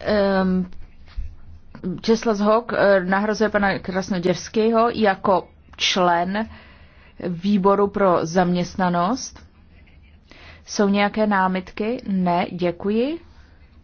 um, Česlas Hok eh, nahrazuje pana Krasnoděvského jako člen výboru pro zaměstnanost. Jsou nějaké námitky? Ne, děkuji.